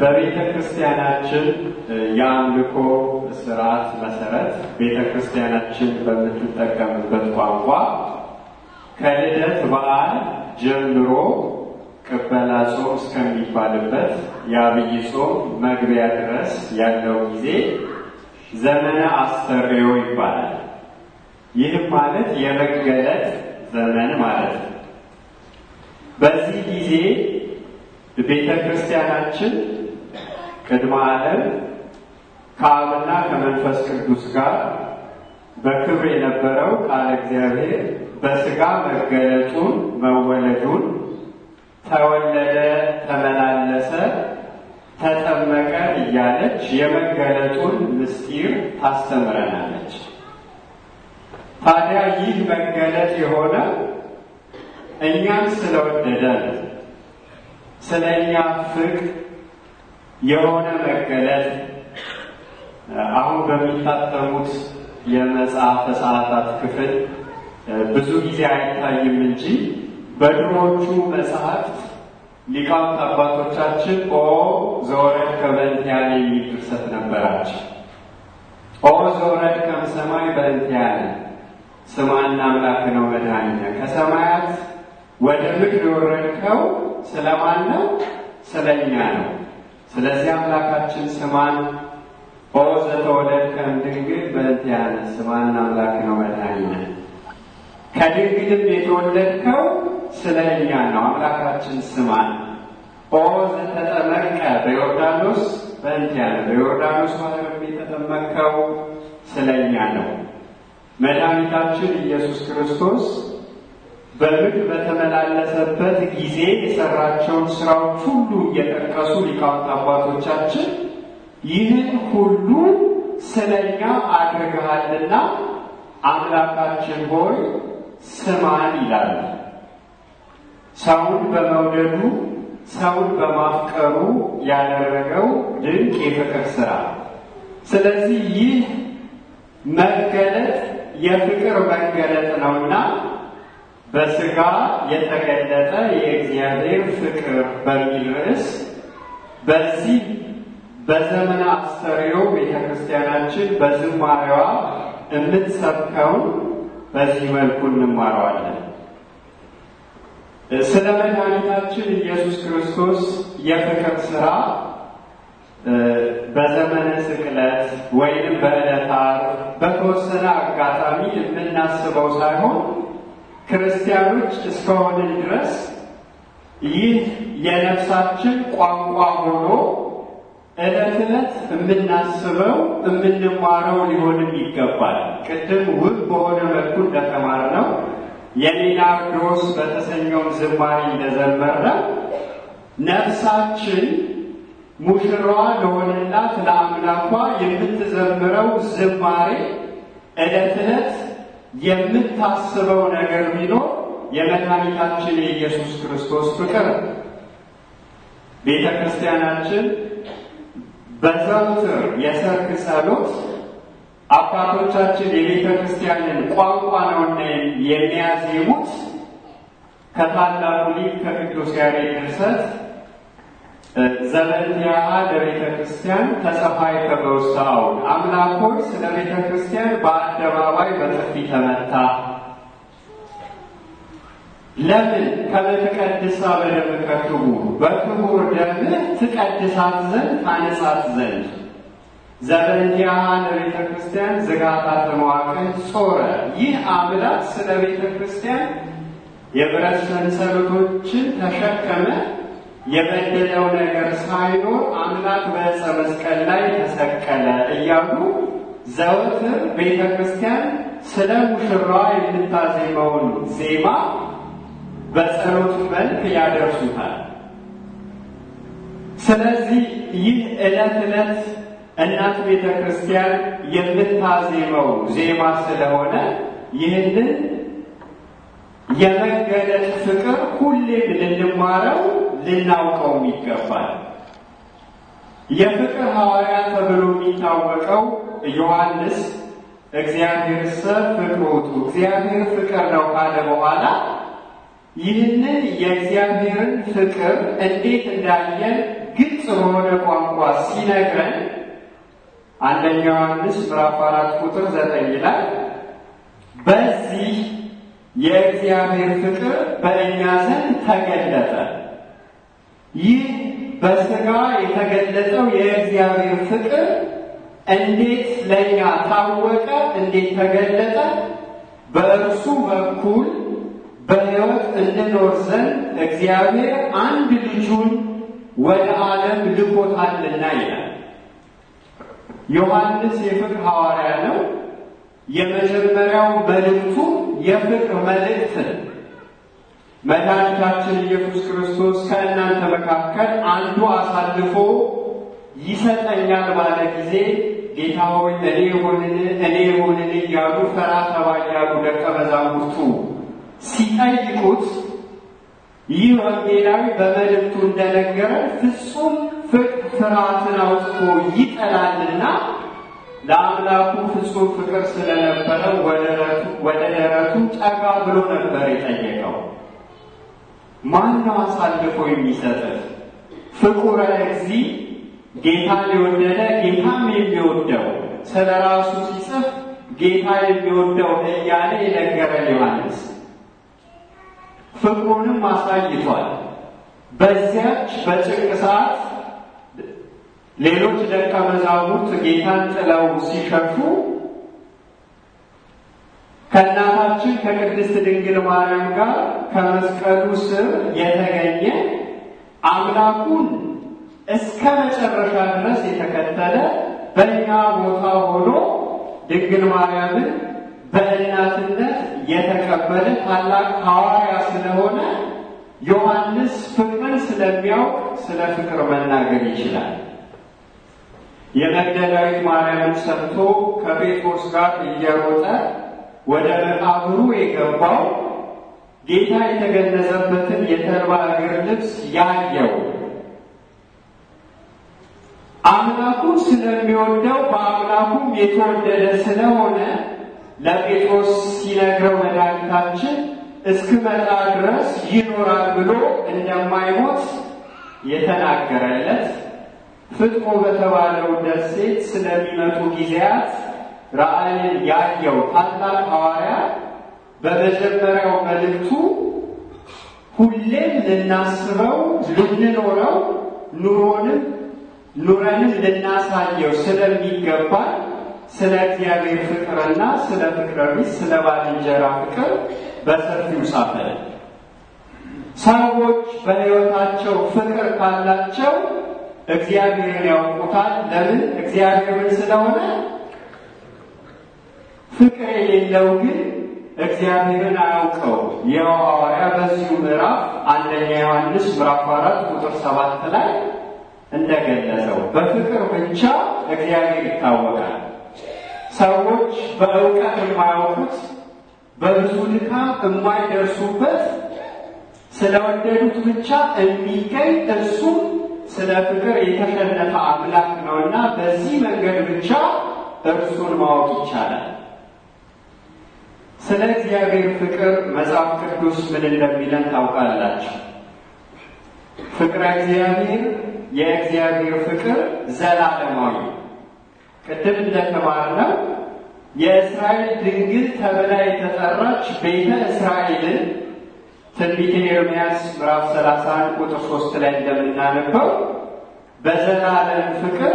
በቤተ ክርስቲያናችን የአምልኮ ስርዓት መሰረት ቤተ ክርስቲያናችን በምትጠቀምበት ቋንቋ ከልደት በዓል ጀምሮ ቅበላ ጾም እስከሚባልበት የአብይ ጾም መግቢያ ድረስ ያለው ጊዜ ዘመነ አስተርእዮ ይባላል። ይህም ማለት የመገለጥ ዘመን ማለት ነው። በዚህ ጊዜ ቤተ ክርስቲያናችን ቅድመ ዓለም ከአብና ከመንፈስ ቅዱስ ጋር በክብር የነበረው ቃለ እግዚአብሔር በስጋ መገለጡን መወለዱን ተወለደ፣ ተመላለሰ፣ ተጠመቀ እያለች የመገለጡን ምስጢር ታስተምረናለች። ታዲያ ይህ መገለጥ የሆነ እኛን ስለወደደ ነው። ስለ እኛ ፍቅር የሆነ መገለጥ አሁን በሚታተሙት የመጽሐፈ ሰዓታት ክፍል ብዙ ጊዜ አይታይም እንጂ በድሮቹ መጽሐፍት ሊቃውንት አባቶቻችን ኦ ዘወረድ ከበእንቲአነ የሚል ድርሰት ነበራቸው። ኦ ዘወረድ ከሰማይ በእንቲአነ ስማና አምላክ ነው መድኃኒነ ከሰማያት ወደ ምድር የወረድከው ስለማን ነው? ስለኛ ነው። ስለዚህ አምላካችን ስማን ኦ ዘተወለድከ እምድንግል ያለ ስማን አምላክ ነው መድኃኒነ ከድንግልም የተወለድከው ስለኛ ነው። አምላካችን ስማን ኦ ዘተጠመቀ በዮርዳኖስ ያለ በዮርዳኖስ ማለትም የተጠመቀው ስለኛ ነው። መድኃኒታችን ኢየሱስ ክርስቶስ በምድር በተመላለሰበት ጊዜ የሰራቸውን ስራዎች ሁሉ እየጠቀሱ ሊቃውንት አባቶቻችን ይህን ሁሉ ስለኛ አድርገሃልና አምላካችን ሆይ ስማን ይላል። ሰውን በመውደዱ ሰውን በማፍቀሩ ያደረገው ድንቅ የፍቅር ስራ። ስለዚህ ይህ መገለጥ የፍቅር መገለጥ ነውና በስጋ የተገለጠ የእግዚአብሔር ፍቅር በሚል ርዕስ በዚህ በዘመነ አስተርእዮ ቤተ ክርስቲያናችን በዝማሬዋ የምትሰብከውን በዚህ መልኩ እንማረዋለን። ስለ መድኃኒታችን ኢየሱስ ክርስቶስ የፍቅር ስራ በዘመነ ስቅለት ወይንም በዕለተ ዓርብ በተወሰነ አጋጣሚ የምናስበው ሳይሆን ክርስቲያኖች እስከሆንን ድረስ ይህ የነፍሳችን ቋንቋ ሆኖ ዕለት ዕለት የምናስበው የምንማረው ሊሆንም ይገባል። ቅድም ውብ በሆነ መልኩ እንደተማርነው የሌናርዶስ በተሰኘውም ዝማሬ እንደዘመረ ነፍሳችን ሙሽራዋ ለሆነላት ለአምላኳ የምትዘምረው ዝማሬ ዕለት ዕለት የምታስበው ነገር ቢኖር የመድኃኒታችን የኢየሱስ ክርስቶስ ፍቅር ቤተ ክርስቲያናችን በዘውትር የሰርክ ጸሎት አባቶቻችን የቤተ ክርስቲያንን ቋንቋ ነውና የሚያዜሙት ከታላቁ ሊቅ ከቅዱስ ያሬድ ድርሰት ዘበኒያ ለቤተ ክርስቲያን ተጸፋይ ተበውሳው አምላኮች ስለ ቤተ ክርስቲያን በአደባባይ በጥፊ ተመታ። ለምን ከምትቀድሳ በደምከ ከትቡ በክቡር ደምህ ትቀድሳት ዘንድ ታነጻት ዘንድ ዘበንዲያ ለቤተ ክርስቲያን ዝጋታ ተመዋቅን ጾረ። ይህ አምላክ ስለ ቤተ ክርስቲያን የብረት ሰንሰለቶችን ተሸከመ። የበደለው ነገር ሳይኖር አምላክ በዕፀ መስቀል ላይ ተሰቀለ እያሉ ዘወትር ቤተ ክርስቲያን ስለ ሙሽራዋ የምታዜመውን ዜማ በጸሎት መልክ ያደርሱታል። ስለዚህ ይህ ዕለት ዕለት እናት ቤተ ክርስቲያን የምታዜመው ዜማ ስለሆነ ይህንን የመገለጥ ፍቅር ሁሌም ልንማረው ልናውቀውም ይገባል። የፍቅር ሐዋርያ ተብሎ የሚታወቀው ዮሐንስ እግዚአብሔር ሰ ፍቅር እግዚአብሔር ፍቅር ነው ካለ በኋላ ይህንን የእግዚአብሔርን ፍቅር እንዴት እንዳየን ግልጽ በሆነ ቋንቋ ሲነግረን አንደኛ ዮሐንስ ምዕራፍ አራት ቁጥር ዘጠኝ ይላል በዚህ የእግዚአብሔር ፍቅር በእኛ ዘንድ ተገለጠ ይህ በስጋ የተገለጸው የእግዚአብሔር ፍቅር እንዴት ለእኛ ታወቀ? እንዴት ተገለጠ? በእርሱ በኩል በሕይወት እንኖር ዘንድ እግዚአብሔር አንድ ልጁን ወደ ዓለም ልኮታልና ይላል። ዮሐንስ የፍቅር ሐዋርያ ነው። የመጀመሪያው መልእክቱ የፍቅር መልእክት ነው። መድኃኒታችን ኢየሱስ ክርስቶስ ከእናንተ መካከል አንዱ አሳልፎ ይሰጠኛል ባለ ጊዜ ጌታ ሆይ እኔ የሆንን እኔ የሆንን እያሉ ፈራ ተባ እያሉ ደቀ መዛሙርቱ ሲጠይቁት ይህ ወንጌላዊ በመልእክቱ እንደነገረ ፍጹም ፍርሃትን አውጥቶ ይጠላልና ለአምላኩ ፍጹም ፍቅር ስለነበረ ወደ ደረቱ ጠጋ ብሎ ነበር የጠየቀው። ማን ነው አሳልፎ የሚሰጥ? ፍቁረ እግዚ ጌታ የወደደ ጌታም የሚወደው ስለ ራሱ ሲጽፍ ጌታ የሚወደው እያለ የነገረን ዮሐንስ ፍቅሩንም አሳይቷል። በዚያች በጭንቅ ሰዓት ሌሎች ደቀ መዛሙርት ጌታን ጥለው ሲሸሹ ከእናታችን ከቅድስት ድንግል ማርያም ጋር ከመስቀሉ ስር የተገኘ አምላኩን እስከ መጨረሻ ድረስ የተከተለ በእኛ ቦታ ሆኖ ድንግል ማርያምን በእናትነት የተቀበለ ታላቅ ሐዋርያ ስለሆነ ዮሐንስ ፍቅርን ስለሚያውቅ ስለ ፍቅር መናገር ይችላል። የመግደላዊት ማርያምን ሰምቶ ከጴጥሮስ ጋር እየሮጠ ወደ መቃብሩ የገባው ጌታ የተገነዘበትን የተልባ እግር ልብስ ያየው አምላኩ ስለሚወደው በአምላኩም የተወደደ ስለሆነ ለጴጥሮስ ሲነግረው መድኃኒታችን እስክመጣ ድረስ ይኖራል ብሎ እንደማይሞት የተናገረለት ፍጥሞ በተባለው ደሴት ስለሚመጡ ጊዜያት ራእይን ያየው ታላቅ ሐዋርያ በመጀመሪያው መልእክቱ ሁሌም ልናስበው ልንኖረው ኑሮንም ኑረንም ልናሳየው ስለሚገባ ስለ እግዚአብሔር ፍቅርና ስለ ፍቅረ ቢስ ስለ ባልንጀራ ፍቅር በሰፊው ጻፈ። ሰዎች በሕይወታቸው ፍቅር ካላቸው እግዚአብሔርን ያውቁታል። ለምን? እግዚአብሔርን ስለሆነ ፍቅር የሌለው ግን እግዚአብሔርን አያውቀው። ያው ሐዋርያ በዚሁ ምዕራፍ አንደኛ ዮሐንስ ምዕራፍ አራት ቁጥር ሰባት ላይ እንደገለጸው በፍቅር ብቻ እግዚአብሔር ይታወቃል። ሰዎች በእውቀት የማያውቁት በብዙ ድካም የማይደርሱበት ስለወደዱት ብቻ የሚገኝ እርሱም ስለ ፍቅር የተሸነፈ አምላክ ነውና በዚህ መንገድ ብቻ እርሱን ማወቅ ይቻላል። ስለ እግዚአብሔር ፍቅር መጽሐፍ ቅዱስ ምን እንደሚለን ታውቃላችሁ? ፍቅር እግዚአብሔር የእግዚአብሔር ፍቅር ዘላለማዊ ቅድም እንደተማርነው የእስራኤል ድንግል ተብላ የተጠራች ቤተ እስራኤልን ትንቢተ ኤርምያስ ምዕራፍ 31 ቁጥር 3 ላይ እንደምናነበው በዘላለም ፍቅር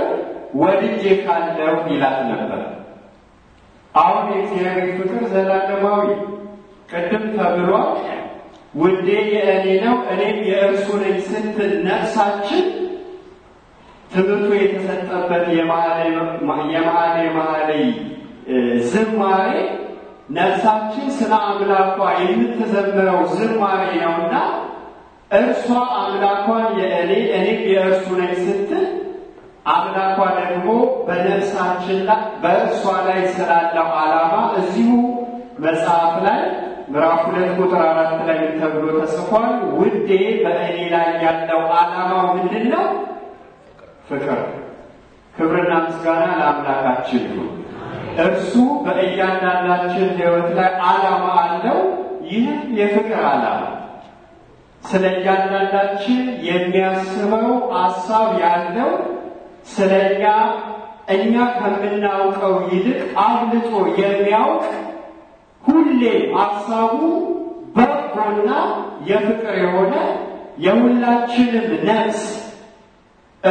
ወድጄ ካለው ይላት ነበር። አሁን የእግዚአብሔር ፍቅር ተቀብሏ ውዴ የእኔ ነው እኔም የእርሱ ነኝ ስትል ነፍሳችን ትምህርቱ የተሰጠበት የማዕሌ ማዕሌ ዝማሬ ነፍሳችን ስለ አምላኳ የምትዘምረው ዝማሬ ነውና እርሷ አምላኳን የእኔ እኔም የእርሱ ነኝ ስትል አምላኳ ደግሞ በነፍሳችን በእርሷ ላይ ስላለው ዓላማ እዚሁ መጽሐፍ ላይ ምዕራፍ ሁለት ቁጥር አራት ላይ ተብሎ ተጽፏል። ውዴ በእኔ ላይ ያለው ዓላማው ምንድን ነው? ፍቅር። ክብርና ምስጋና ለአምላካችን ነው። እርሱ በእያንዳንዳችን ሕይወት ላይ ዓላማ አለው። ይህ የፍቅር ዓላማ ስለ እያንዳንዳችን የሚያስበው አሳብ ያለው ስለ እኛ እኛ ከምናውቀው ይልቅ አብልጦ የሚያውቅ ሁሌ ሀሳቡ በጎና የፍቅር የሆነ የሁላችንም ነፍስ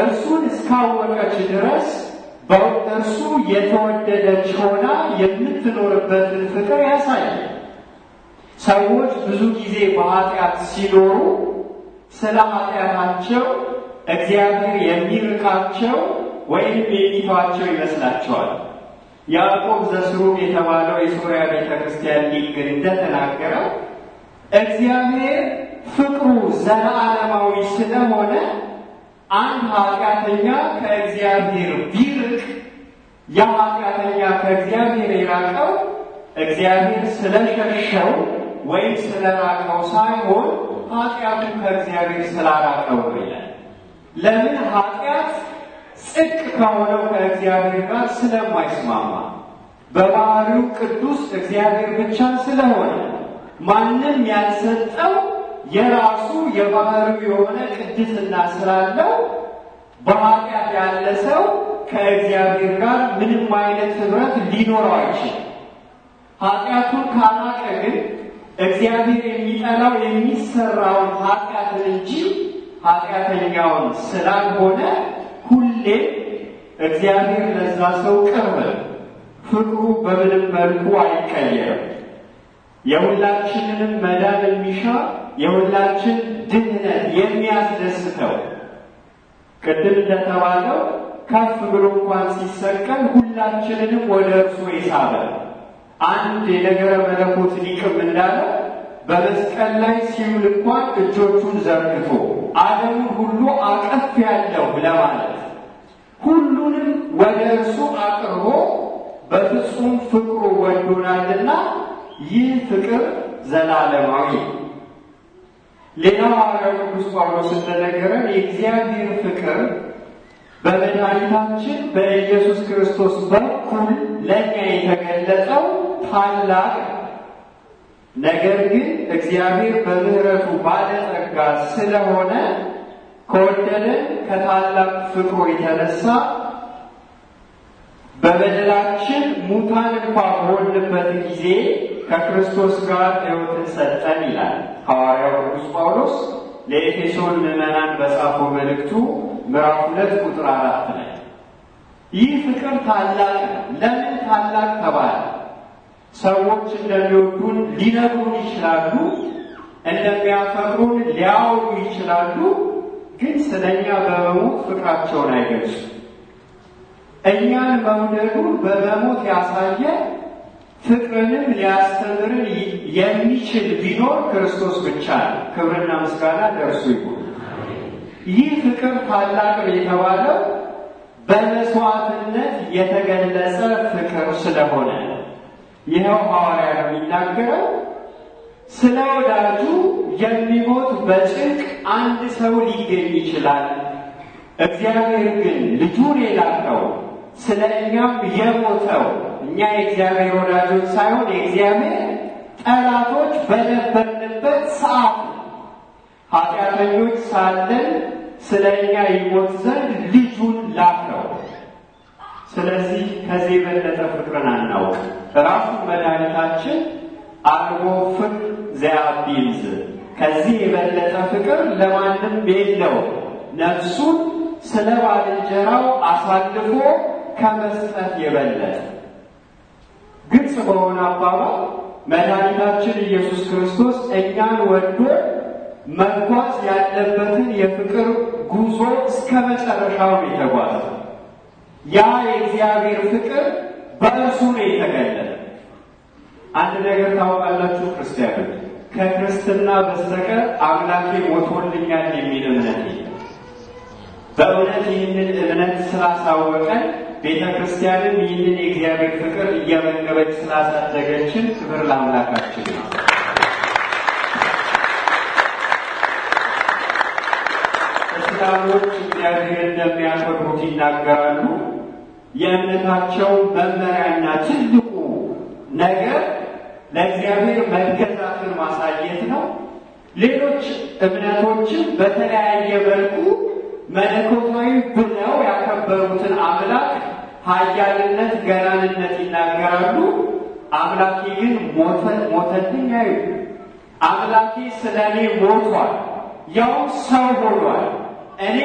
እርሱን እስካወቀች ድረስ በእርሱ የተወደደች ሆና የምትኖርበትን ፍቅር ያሳያል። ሰዎች ብዙ ጊዜ በኃጢአት ሲኖሩ ስለ ኃጢአታቸው እግዚአብሔር የሚርቃቸው ወይም የሚቷቸው ይመስላቸዋል። ያዕቆብ ዘስሩም የተባለው የሶርያ ቤተ ክርስቲያን ሊቅ እንደተናገረው እግዚአብሔር ፍቅሩ ዘለዓለማዊ ስለሆነ አንድ ኃጢአተኛ ከእግዚአብሔር ቢርቅ ያ ኃጢአተኛ ከእግዚአብሔር የራቀው እግዚአብሔር ስለሸሸው ወይም ስለራቀው ሳይሆን ኃጢአቱ ከእግዚአብሔር ስላራቀው ይላል። ለምን ኃጢአት ጽድቅ ከሆነው ከእግዚአብሔር ጋር ስለማይስማማ በባህሪው ቅዱስ እግዚአብሔር ብቻ ስለሆነ ማንም ያልሰጠው የራሱ የባህሪው የሆነ ቅድስና ስላለው በኃጢአት ያለ ሰው ከእግዚአብሔር ጋር ምንም አይነት ህብረት ሊኖረው አይችል። ኃጢአቱን ካላቀ ግን እግዚአብሔር የሚጠላው የሚሰራውን ኃጢአትን እንጂ ኃጢአተኛውን ስላልሆነ ሁሌ እግዚአብሔር ለዛ ሰው ቅርብ፣ ፍቅሩ በምንም መልኩ አይቀየርም። የሁላችንንም መዳን የሚሻ የሁላችን ድህነት የሚያስደስተው ቅድም እንደተባለው ከፍ ብሎ እንኳን ሲሰቀል ሁላችንንም ወደ እርሱ የሳበ አንድ የነገረ መለኮት ሊቅም እንዳለው በመስቀል ላይ ሲውል እንኳን እጆቹን ዘርግቶ ዓለምን ሁሉ አቀፍ ያለው ለማለት ሁሉንም ወደ እርሱ አቅርቦ በፍጹም ፍቅሩ ወዶናልና ይህ ፍቅር ዘላለማዊ። ሌላው ሐዋርያው ቅዱስ ጳውሎስ እንደነገረን የእግዚአብሔር ፍቅር በመድኃኒታችን በኢየሱስ ክርስቶስ በኩል ለእኛ የተገለጸው ታላቅ ነገር ግን እግዚአብሔር በምሕረቱ ባለጸጋ ስለሆነ ከወደደ ከታላቅ ፍቅሩ የተነሳ በበደላችን ሙታን እንኳ በሆንበት ጊዜ ከክርስቶስ ጋር ሕይወትን ሰጠን ይላል ሐዋርያው ቅዱስ ጳውሎስ ለኤፌሶን ምዕመናን በጻፈው መልእክቱ ምዕራፍ ሁለት ቁጥር አራት ላይ ይህ ፍቅር ታላቅ ነው። ለምን ታላቅ ተባለ? ሰዎች እንደሚወዱን ሊነግሩን ይችላሉ፣ እንደሚያፈቅሩን ሊያወሩ ይችላሉ። ግን ስለኛ በመሞት ፍቅራቸውን አይገልጹ። እኛን መውደዱን በመሞት ያሳየ ፍቅርንም ሊያስተምርን የሚችል ቢኖር ክርስቶስ ብቻ ነው። ክብርና ምስጋና ደርሱ ይሁን። ይህ ፍቅር ታላቅ የተባለው በመስዋዕትነት የተገለጸ ፍቅር ስለሆነ ነው። ይኸው ሐዋርያ ነው የሚናገረው። ስለ ወዳጁ የሚሞት በጭንቅ አንድ ሰው ሊገኝ ይችላል። እግዚአብሔር ግን ልጁን የላከው ስለ እኛም የሞተው እኛ የእግዚአብሔር ወዳጆች ሳይሆን የእግዚአብሔር ጠላቶች በነበርንበት ሰዓት ኃጢአተኞች ሳለን ስለ እኛ ይሞት ዘንድ ልጁን ላከው። ስለዚህ ከዚህ የበለጠ ፍቅርን አናውቅ። ራሱ መድኃኒታችን አርጎ ፍቅር ዘያቢዝ ከዚህ የበለጠ ፍቅር ለማንም የለው ነፍሱን ስለ ባልንጀራው አሳልፎ ከመስጠት የበለጠ። ግልጽ በሆነ አባባል መድኃኒታችን ኢየሱስ ክርስቶስ እኛን ወዶ መጓዝ ያለበትን የፍቅር ጉዞ እስከ መጨረሻው የተጓዘ ያ የእግዚአብሔር ፍቅር በእሱ ነው አንድ ነገር ታውቃላችሁ ክርስቲያኖች፣ ከክርስትና በስተቀር አምላኬ ሞቶልኛል የሚል እምነት የለም። በእውነት ይህንን እምነት ስላሳወቀን ቤተ ክርስቲያንም ይህንን የእግዚአብሔር ፍቅር እያመገበች ስላሳደገችን ክብር ለአምላካችን ነው። ክርስቲያኖች እግዚአብሔር እንደሚያከብሩት ይናገራሉ። የእምነታቸው መመሪያና ትልቁ ነገር ለእግዚአብሔር መገዛትን ማሳየት ነው። ሌሎች እምነቶችን በተለያየ መልኩ መለኮታዊ ብለው ያከበሩትን አምላክ ኃያልነት፣ ገናንነት ይናገራሉ። አምላኬ ግን ሞተልኝ አይሉ። አምላኬ ስለ እኔ ሞቷል፣ ያውም ሰው ሆኗል። እኔ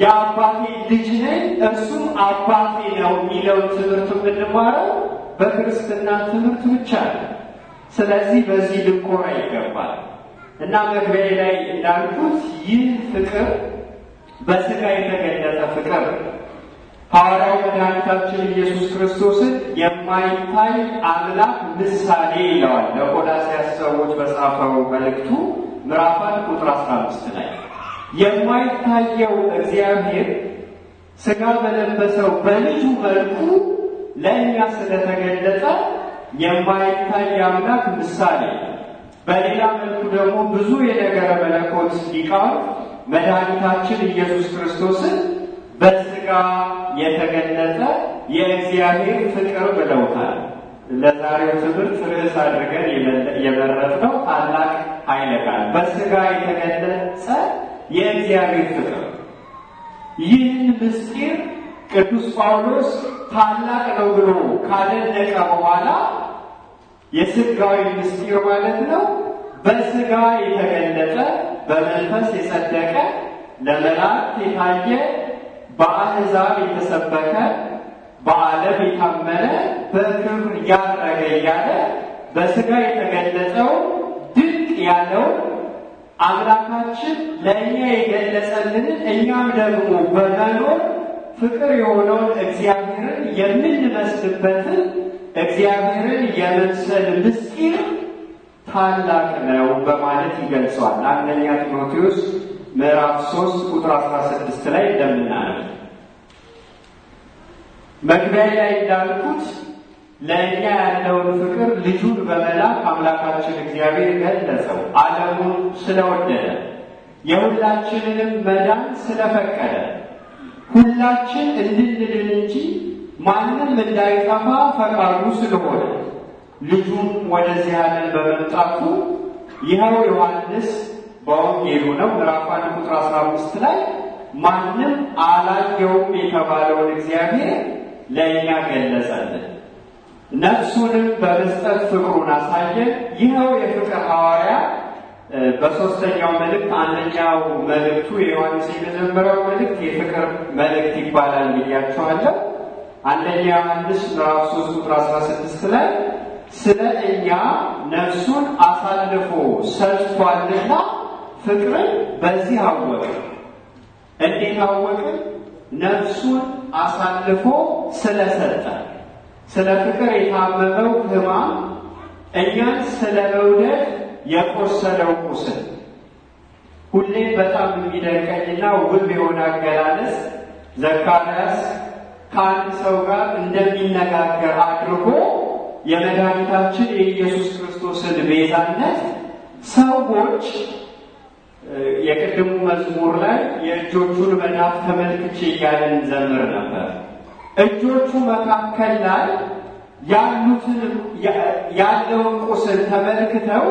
የአባቴ ልጅ ነኝ እርሱም አባቴ ነው የሚለውን ትምህርት የምንማረው በክርስትና ትምህርት ብቻ ነው። ስለዚህ በዚህ ልንኮራ ይገባል እና መግቢያ ላይ እንዳልኩት ይህ ፍቅር በስጋ የተገለጠ ፍቅር ሐዋርያው መድኃኒታችን ኢየሱስ ክርስቶስን የማይታይ አምላክ ምሳሌ ይለዋል ለቆላስይስ ሰዎች በጻፈው መልእክቱ ምዕራፍ አንድ ቁጥር 15 ላይ የማይታየው እግዚአብሔር ስጋ በለበሰው በልጁ መልኩ ለእኛ ስለተገለጠ የማይታይ አምላክ ምሳሌ፣ በሌላ መልኩ ደግሞ ብዙ የነገረ መለኮት ሊቃውንት መድኃኒታችን ኢየሱስ ክርስቶስን በስጋ የተገለጠ የእግዚአብሔር ፍቅር ብለውታል። ለዛሬው ትምህርት ርዕስ አድርገን የመረጥነው ታላቅ ኃይለ ቃል የተገለጸ የእግዚአብሔር ፍቅር። ይህን ምስጢር ቅዱስ ጳውሎስ ታላቅ ነው ብሎ ካደነቀ በኋላ የስጋዊ ምስጢር ማለት ነው። በስጋ የተገለጠ በመንፈስ የጸደቀ ለመላእክት የታየ በአሕዛብ የተሰበከ በዓለም የታመነ በክብር ያረገ እያለ በስጋ የተገለጠው ድንቅ ያለው አምላካችን ለእኛ የገለጸልን እኛም ደግሞ በመኖር ፍቅር የሆነውን እግዚአብሔርን የምንመስልበትን እግዚአብሔርን የመምሰል ምስጢር ታላቅ ነው በማለት ይገልጸዋል። አንደኛ ጢሞቴዎስ ምዕራፍ 3 ቁጥር 16 ላይ እንደምናነው መግቢያ ላይ እንዳልኩት ለእኛ ያለውን ፍቅር ልጁን በመላክ አምላካችን እግዚአብሔር ገለጸው። ዓለሙን ስለወደደ የሁላችንንም መዳን ስለፈቀደ ሁላችን እንድንድን እንጂ ማንም እንዳይጠፋ ፈቃዱ ስለሆነ ልጁም ወደዚህ ዓለም በመምጣቱ ይኸው ዮሐንስ በወንጌሉ ነው ምዕራፍ አንድ ቁጥር አስራ አምስት ላይ ማንም አላየውም የተባለውን እግዚአብሔር ለእኛ ገለጸልን። ነፍሱንም በመስጠት ፍቅሩን አሳየ። ይኸው የፍቅር ሐዋርያ በሶስተኛው መልእክት አንደኛው መልእክቱ የዮሐንስ የመጀመሪያው መልእክት የፍቅር መልእክት ይባላል ብያቸዋለሁ። አንደኛ ዮሐንስ ምዕራፍ 3 ቁጥር 16 ላይ ስለ እኛ ነፍሱን አሳልፎ ሰጥቷልና ፍቅርን በዚህ አወቅ። እንዴት አወቅን? ነፍሱን አሳልፎ ስለሰጠ ስለ ፍቅር የታመመው ህማም እኛን ስለ መውደድ የቆሰለው ቁስል ሁሌም በጣም የሚደንቀኝና ውብ የሆነ አገላለጽ ዘካርያስ ከአንድ ሰው ጋር እንደሚነጋገር አድርጎ የመድኃኒታችን የኢየሱስ ክርስቶስን ቤዛነት ሰዎች የቅድሙ መዝሙር ላይ የእጆቹን መዳፍ ተመልክቼ እያለን ዘምር ነበር። እጆቹ መካከል ላይ ያሉትን ያለውን ቁስል ተመልክተው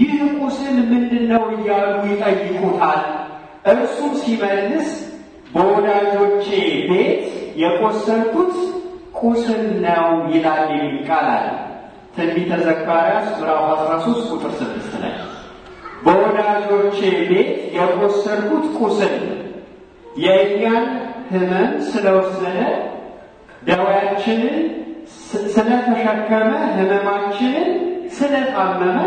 ይህ ቁስል ምንድን ነው እያሉ ይጠይቁታል። እርሱ ሲመልስ በወዳጆቼ ቤት የቆሰልኩት ቁስል ነው ይላል የሚል ቃል አለ። ትንቢተ ዘካርያስ ምዕራፍ 13 ቁጥር 6 ላይ በወዳጆቼ ቤት የቆሰልኩት ቁስል የእኛን ሕመም ስለወሰደ ደዌያችንን ስለተሸከመ ህመማችንን ስለታመመ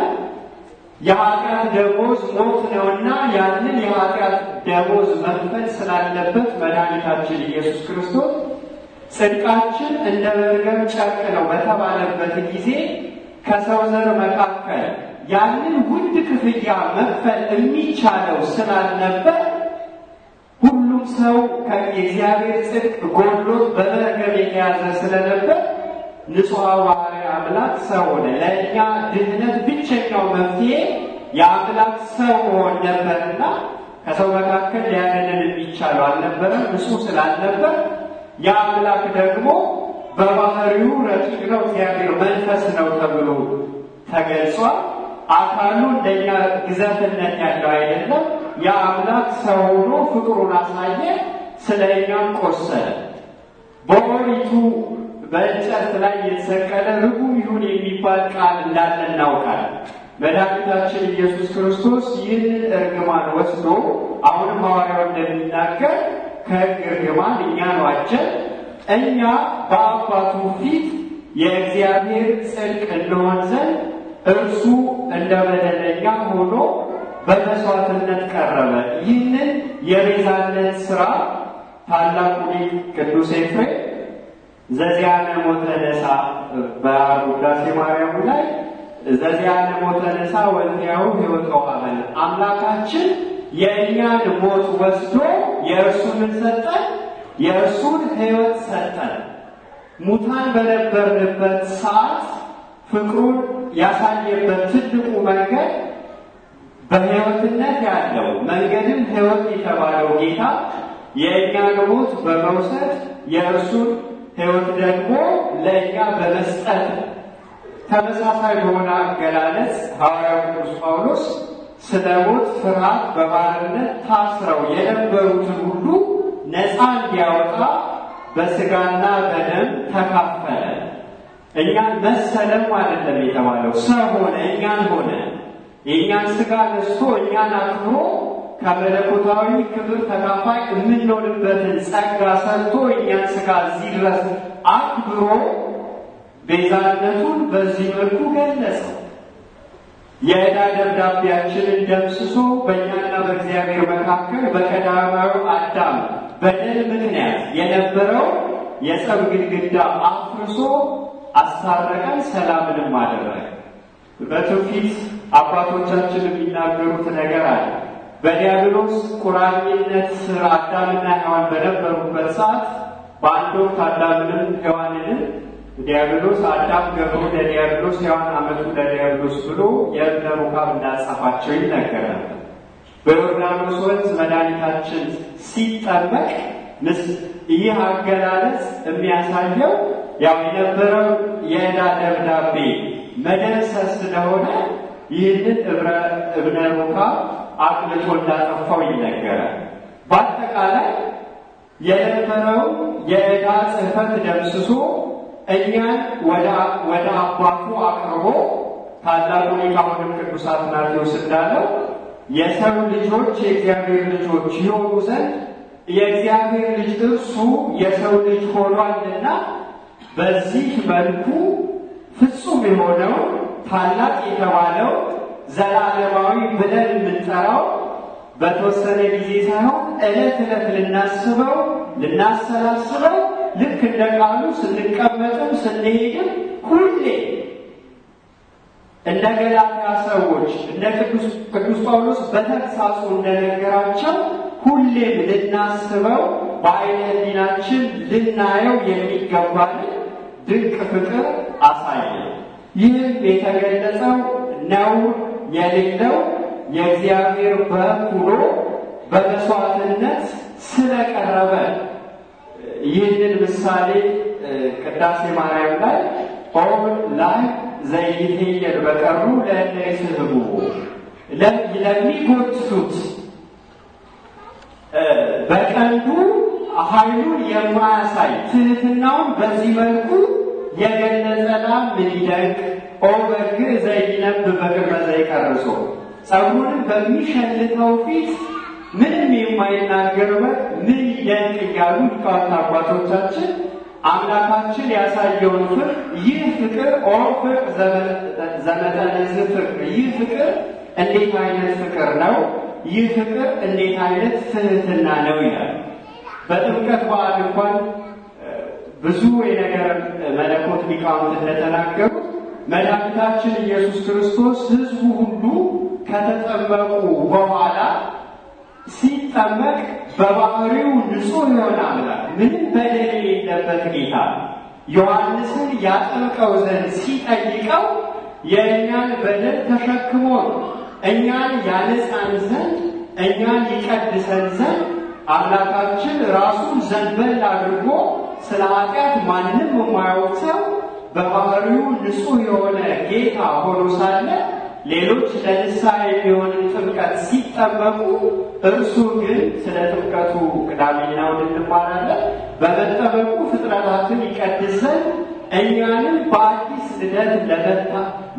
የኃጢአት ደሞዝ ሞት ነውና ያንን የኃጢአት ደሞዝ መክፈል ስላለበት መድኃኒታችን ኢየሱስ ክርስቶስ ጽድቃችን እንደ መርገም ጨርቅ ነው በተባለበት ጊዜ ከሰው ዘር መካከል ያንን ውድ ክፍያ መክፈል የሚቻለው ስላልነበር ሁሉም ሰው ከእግዚአብሔር ጽድቅ ጎሎት በመርገም የተያዘ ስለነበር ንጹሐ ባህሪ አምላክ ሰው ሆነ። ለእኛ ድህነት ብቸኛው መፍትሄ የአምላክ ሰው መሆን ነበርና ከሰው መካከል ሊያድነን የሚቻለው አልነበረም። ንጹሕ ስላልነበር የአምላክ ደግሞ በባህሪው ረቂቅ ነው። እግዚአብሔር መንፈስ ነው ተብሎ ተገልጿል። አካሉ እንደኛ ግዘትነት ያለው አይደለም። የአምላክ ሰው ሆኖ ፍቅሩን አሳየ፣ ስለ እኛም ቆሰለ። በወሪቱ በእንጨት ላይ የተሰቀለ ርጉም ይሁን የሚባል ቃል እንዳለ እናውቃለን። መድኃኒታችን ኢየሱስ ክርስቶስ ይህንን እርግማን ወስዶ አሁንም ሐዋርያው እንደሚናገር ከሕግ እርግማን እኛ ነዋቸን እኛ በአባቱ ፊት የእግዚአብሔር ጽድቅ እንሆን ዘንድ እርሱ እንደ በደለኛ ሆኖ በመስዋዕትነት ቀረበ። ይህንን የቤዛነት ስራ ታላቁ ቅዱስ ኤፍሬም ዘዚያነ ሞተ ነሳ በአብ ማርያሙ ላይ ዘዚያነ ሞተ ነሳ ወንቲያው ህይወት ውሃበነ አምላካችን የእኛን ሞት ወስዶ የእርሱ ሰጠን? የእርሱን ህይወት ሰጠን። ሙታን በነበርንበት ሰዓት ፍቅሩን ያሳየበት ትልቁ መንገድ በህይወትነት ያለው መንገድም ህይወት የተባለው ጌታ የእኛ ሞት በመውሰድ የእርሱን ህይወት ደግሞ ለእኛ በመስጠት ተመሳሳይ በሆነ አገላለጽ ሐዋርያው ቅዱስ ጳውሎስ ስለ ሞት ፍርሃት በባርነት ታስረው የነበሩትን ሁሉ ነፃ እንዲያወጣ በስጋና በደም ተካፈለ። እኛን መሰለም አይደለም የተባለው ሰው ሆነ፣ እኛን ሆነ የእኛን ስጋ ገዝቶ እኛን አክብሮ ከመለኮታዊ ክብር ተካፋይ የምንሆንበትን ጸጋ ሰጥቶ እኛን ስጋ እዚህ ድረስ አክብሮ ቤዛነቱን በዚህ መልኩ ገለጸ። የዕዳ ደብዳቤያችንን ደምስሶ በእኛና በእግዚአብሔር መካከል በቀዳማዊ አዳም በደል ምክንያት የነበረው የጸብ ግድግዳ አፍርሶ አስታረቀን፣ ሰላምንም አደረገ በትውፊት አባቶቻችን የሚናገሩት ነገር አለ። በዲያብሎስ ቁራኝነት ስር አዳምና ሔዋን በነበሩበት ሰዓት በአንድ ወቅት አዳምንም ሔዋንንም ዲያብሎስ አዳም ገብሩ ለዲያብሎስ ሔዋን አመቱ ለዲያብሎስ ብሎ የእብነ ሩካብ እንዳጻፋቸው ይነገራል። በዮርዳኖስ ወንዝ መድኃኒታችን ሲጠመቅ ምስ ይህ አገላለጽ የሚያሳየው ያው የነበረው የዕዳ ደብዳቤ መደሰስ ስለሆነ ይህንን እብነ ሩካ አቅልጦ እንዳጠፋው ይነገራል። በአጠቃላይ የነበረው የዕዳ ጽህፈት ደምስሶ እኛን ወደ አባቱ አቅርቦ ታላቁ ሊቃውንት ቅዱስ አትናቴዎስ እንዳለው የሰው ልጆች የእግዚአብሔር ልጆች ይሆኑ ዘንድ የእግዚአብሔር ልጅ እርሱ የሰው ልጅ ሆኗልና በዚህ መልኩ ፍጹም የሆነው ታላቅ የተባለው ዘላለማዊ ብለን የምንጠራው በተወሰነ ጊዜ ሳይሆን እለት እለት ልናስበው ልናሰላስበው ልክ እንደ ቃሉ ስንቀመጥም ስንሄድም ሁሌ እንደ ገላትያ ሰዎች እንደ ቅዱስ ጳውሎስ በተግሳጹ እንደነገራቸው ሁሌም ልናስበው በዓይነ ልናየው የሚገባን ድንቅ ፍቅር አሳየ። ይህ የተገለጸው ነው የሌለው የእግዚአብሔር በግ ሆኖ በመስዋዕትነት ስለቀረበ ይህንን ምሳሌ ቅዳሴ ማርያም ላይ ኦብ ላይ ዘይትየን በቀሩ ለእነ ለሚጎትቱት በቀንዱ ኃይሉን የማያሳይ ትህትናውን በዚህ መልኩ የገለጸና ምንደግ ኦበግ ዘይነብ በክብረ ቀርሶ! ጸጉሩን በሚሸልተው ፊት ምንም የማይናገርበት ምን ይደንቅ እያሉ ቃት አባቶቻችን አምላካችን ያሳየውን ፍቅር ይህ ፍቅር ኦ ፍቅር ዘመጠነዝ ፍቅር ይህ ፍቅር እንዴት አይነት ፍቅር ነው? ይህ ፍቅር እንዴት አይነት ትህትና ነው ይላል። በጥምቀት በዓል እንኳን ብዙ የነገር መለኮት ሊቃውንት እንደተናገሩት መድኃኒታችን ኢየሱስ ክርስቶስ ሕዝቡ ሁሉ ከተጠመቁ በኋላ ሲጠመቅ በባህሪው ንጹሕ ይሆናል። ምንም በደል የሌለበት ጌታ ዮሐንስን ያጠምቀው ዘንድ ሲጠይቀው የእኛን በደል ተሸክሞ እኛን ያነጻን ዘንድ እኛን ይቀድሰን ዘንድ አምላካችን ራሱን ዘንበል አድርጎ ስለ ኃጢአት ማንም የማያውቅ ሰው በባህሪው ንጹህ የሆነ ጌታ ሆኖ ሳለ ሌሎች ለንስሐ የሚሆን ጥምቀት ሲጠመቁ እርሱ ግን ስለ ጥምቀቱ ቅዳሜና እሑድ እንማራለን። በመጠመቁ ፍጥረታትን ይቀድሰን እኛንም በአዲስ ልደት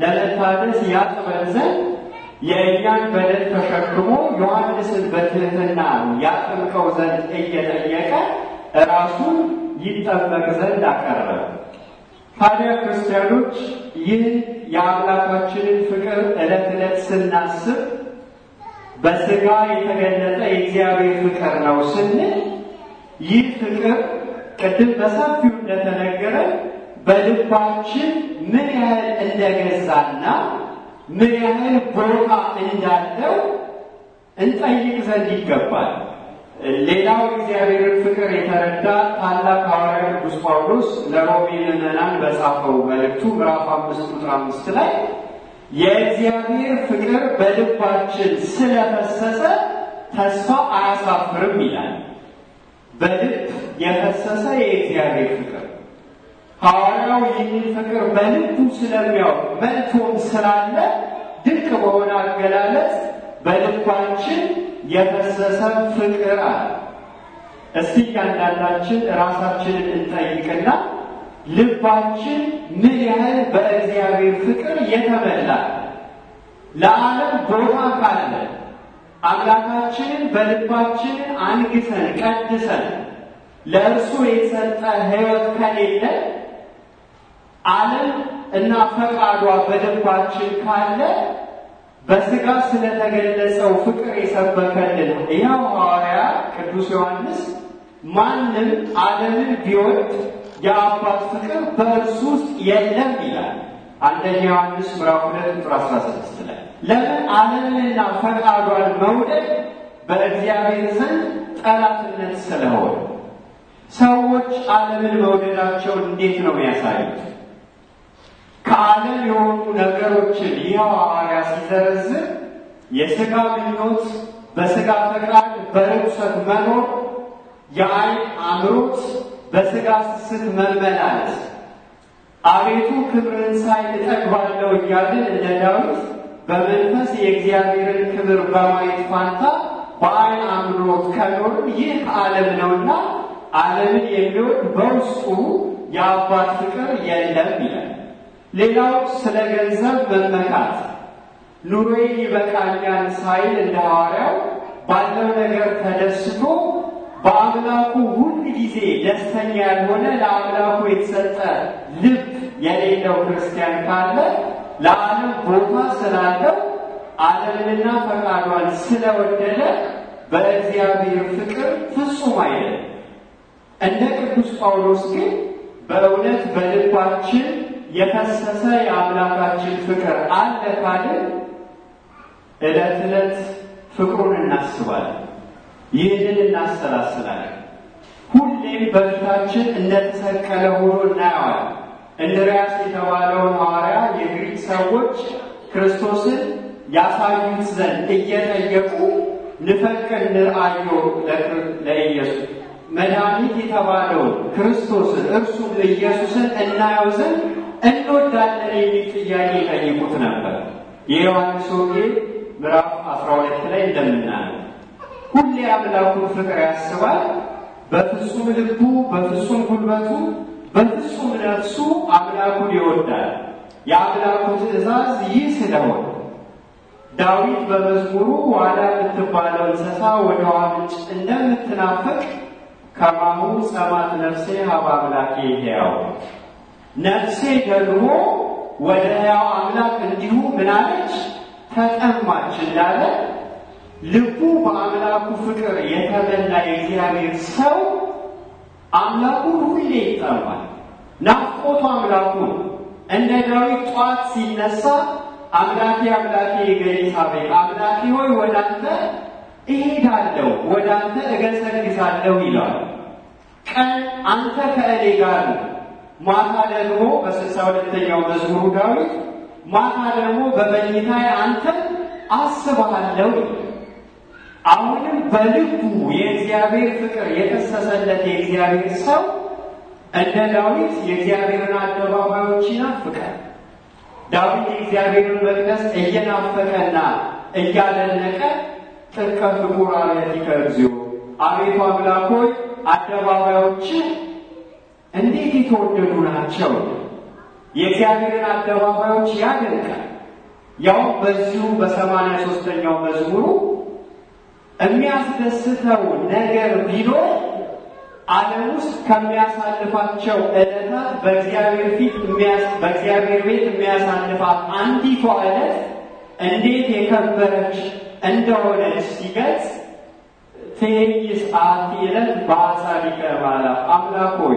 ለመታደስ ያጥበን ዘንድ የእኛን በደል ተሸክሞ ዮሐንስን በትህትና ያጠምቀው ዘንድ እየጠየቀ ራሱን ይጠበቅ ዘንድ አቀረበ። ታዲያ ክርስቲያኖች ይህ የአምላካችንን ፍቅር ዕለት ዕለት ስናስብ በስጋ የተገለጠ የእግዚአብሔር ፍቅር ነው ስንል ይህ ፍቅር ቅድም በሰፊው እንደተነገረ በልባችን ምን ያህል እንደገዛና ምን ያህል ቦታ እንዳለው እንጠይቅ ዘንድ ይገባል። ሌላው እግዚአብሔርን ፍቅር የተረዳ ታላቅ ሐዋርያ ቅዱስ ጳውሎስ ለሮሜ ምዕመናን በጻፈው መልእክቱ ምዕራፍ አምስት ቁጥር አምስት ላይ የእግዚአብሔር ፍቅር በልባችን ስለፈሰሰ ተስፋ አያሳፍርም ይላል። በልብ የፈሰሰ የእግዚአብሔር ፍቅር ሐዋርያው ይህንን ፍቅር በልቡ ስለሚያውቅ መልቶም ስላለ ድንቅ በሆነ አገላለጽ በልባችን የፈሰሰ ፍቅር አለ። እስቲ እያንዳንዳችን ራሳችንን እንጠይቅና ልባችን ምን ያህል በእግዚአብሔር ፍቅር የተመላ ለዓለም ቦታ ካለ አምላካችንን በልባችን አንግሰን ቀድሰን ለእርሱ የሰጠ ሕይወት ከሌለ ዓለም እና ፈቃዷ በልባችን ካለ በስጋ ስለተገለጸው ፍቅር የሰበከልን ይኸው ሐዋርያ ቅዱስ ዮሐንስ ማንም ዓለምን ቢወድ የአባት ፍቅር በእርሱ ውስጥ የለም ይላል። አንደኛ ዮሐንስ ምዕራፍ ሁለት ቁጥር አስራ ስድስት ላይ ለምን ዓለምንና ፈቃዷን መውደድ በእግዚአብሔር ዘንድ ጠላትነት ስለሆነ ሰዎች ዓለምን መውደዳቸውን እንዴት ነው የሚያሳዩት? ከዓለም የሆኑ ነገሮችን ይኸው ሐዋርያ ሲዘረዝር የሥጋ ምኞት፣ በሥጋ ፈቃድ በርኩሰት መኖር፣ የአይን አምሮት፣ በስጋ ስስት መመላለስ አቤቱ ክብርን ሳይ እጠግባለሁ እያልን እንደ ዳዊት በመንፈስ የእግዚአብሔርን ክብር በማየት ፋንታ በአይን አምሮት ከኖርም ይህ ዓለም ነውና ዓለምን የሚወድ በውስጡ የአባት ፍቅር የለም ይላል። ሌላው ስለ ገንዘብ መመካት ኑሮዬ ይበቃኛል ሳይል እንደ ሐዋርያው ባለው ነገር ተደስቶ በአምላኩ ሁል ጊዜ ደስተኛ ያልሆነ ለአምላኩ የተሰጠ ልብ የሌለው ክርስቲያን ካለ ለዓለም ቦታ ስላለው ዓለምንና ፈቃዷን ስለወደደ በእግዚአብሔር ፍቅር ፍጹም አይደለም። እንደ ቅዱስ ጳውሎስ ግን በእውነት በልባችን የፈሰሰ የአምላካችን ፍቅር አለ ካልን እለት እለት ፍቅሩን እናስባለን። ይህንን እናሰላስላለን። ሁሌም በፊታችን እንደተሰቀለ ሆኖ እናየዋለን። እንድርያስ የተባለውን ሐዋርያ የግሪክ ሰዎች ክርስቶስን ያሳዩት ዘንድ እየጠየቁ ንፈቅን ንርአዮ ለኢየሱስ መድኃኒት የተባለውን ክርስቶስን እርሱም ኢየሱስን እናየው ዘንድ እንወዳለን የሚል ጥያቄ ጠይቁት ነበር። የዮሐንስ ወንጌል ምዕራፍ 12 ላይ እንደምናነው ሁሌ አምላኩን ፍቅር ያስባል፣ በፍጹም ልቡ፣ በፍጹም ጉልበቱ፣ በፍጹም ነፍሱ አምላኩን ይወዳል። የአምላኩ ትእዛዝ ይህ ስለሆነ ዳዊት በመዝሙሩ ዋላ የምትባለው እንስሳ ወደ ውሃ ምንጭ እንደምትናፍቅ ከማሁ ጸማት ነፍሴ ሀብ አምላኬ ሕያው ነፍሴ ደግሞ ወደ ሕያው አምላክ እንዲሁ ምናለች ተጠማች እንዳለ ልቡ በአምላኩ ፍቅር የተበላ የእግዚአብሔር ሰው አምላኩን ሁሌ ይጠማል። ናፍቆቱ አምላኩ እንደ ዳዊት ጠዋት ሲነሳ አምላኬ አምላኬ ገሊሳቤል አምላኬ ሆይ ወደ አንተ እሄዳለሁ ወደ አንተ እገሰግሳለሁ ይለዋል። ቀን አንተ ከእኔ ጋር ነው ማታ ደግሞ በስልሳ ሁለተኛው መዝሙሩ ዳዊት ማታ ደግሞ በመኝታዬ አንተን አስባለሁ። አሁንም በልቡ የእግዚአብሔር ፍቅር የፈሰሰለት የእግዚአብሔር ሰው እንደ ዳዊት የእግዚአብሔርን አደባባዮች ይናፍቃል። ዳዊት የእግዚአብሔርን መቅደስ እየናፈቀና እያደነቀ ጥቀት ቁራ ለቲከ እግዚኦ አቤቱ አምላክ ሆይ እንዴት የተወደዱ ናቸው! የእግዚአብሔርን አደባባዮች ያደንቃል። ያው በዚሁ በሰማንያ ሶስተኛው መዝሙሩ የሚያስደስተው ነገር ቢኖር ዓለም ውስጥ ከሚያሳልፋቸው ዕለታት በእግዚአብሔር ፊት በእግዚአብሔር ቤት የሚያሳልፋት አንዲቷ ዕለት እንዴት የከበረች እንደሆነች ሲገልጽ ትሄይ ሰዓቲ ዕለት በአሳብ አምላክ ሆይ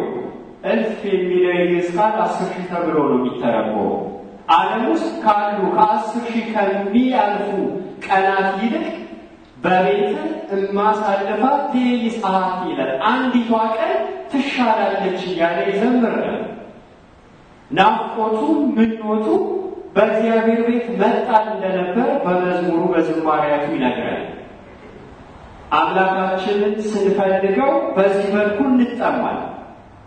እልፍ የሚለይ እስካል አስር ሺህ ተብሎ ነው የሚተረጎመው። ዓለም ውስጥ ካሉ ከአስር ሺህ ከሚያልፉ ቀናት ይልቅ በቤት እማሳልፋት ትይ ሰዓት ይላል። አንዲቷ ቀን ትሻላለች እያለ ይዘምራል። ናፍቆቱ ምኞቱ በእግዚአብሔር ቤት መጣል እንደነበር በመዝሙሩ በዝማሪያቱ ይነግራል። አምላካችንን ስንፈልገው በዚህ መልኩ እንጠማል።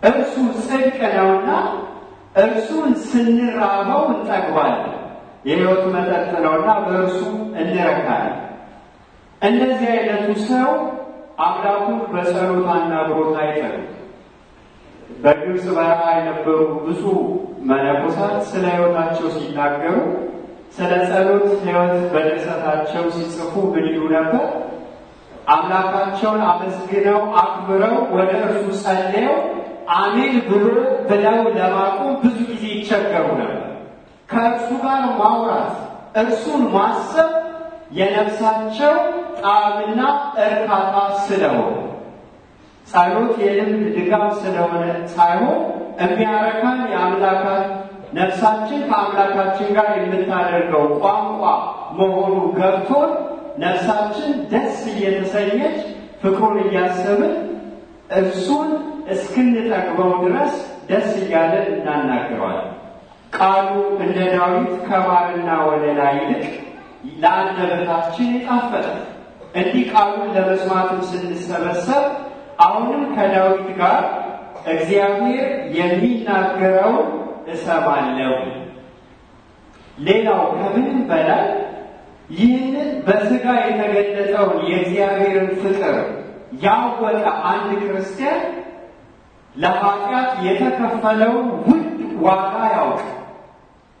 እርሱ ጽድቅ ነውና እርሱን ስንራበው እንጠግባለን፣ የሕይወት መጠጥ ነውና በእርሱ እንረካለን። እንደዚህ አይነቱ ሰው አምላኩን በጸሎት ብሮት አይፈሩ። በግብፅ በረሃ የነበሩ ብዙ መነኮሳት ስለ ሕይወታቸው ሲናገሩ ስለ ጸሎት ሕይወት በደርሰታቸው ሲጽፉ ምን ይሉ ነበር? አምላካቸውን አመስግነው አክብረው ወደ እርሱ ጸልየው አሜን ብሎ ብለው ለማቆም ብዙ ጊዜ ይቸገሩናል። ከእርሱ ጋር ማውራት እርሱን ማሰብ የነፍሳቸው ጣዕምና እርካታ ስለሆነ ጸሎት የልምድ ድጋፍ ስለሆነ ሳይሆን የሚያረካን የአምላካት ነፍሳችን ከአምላካችን ጋር የምታደርገው ቋንቋ መሆኑ ገብቶን ነፍሳችን ደስ እየተሰኘች ፍቅሩን እያሰብን እርሱን እስክንጠግበው ድረስ ደስ እያለ እናናግረዋለን። ቃሉ እንደ ዳዊት ከማርና ወለላ ይልቅ ለአንደበታችን የጣፈጠ እንዲህ ቃሉን ለመስማትም ስንሰበሰብ አሁንም ከዳዊት ጋር እግዚአብሔር የሚናገረው እሰማለሁ። ሌላው ከምንም በላይ ይህንን በስጋ የተገለጠውን የእግዚአብሔርን ፍቅር ያወቀ አንድ ክርስቲያን ለኃጢአት የተከፈለውን ውድ ዋጋ ያውቅ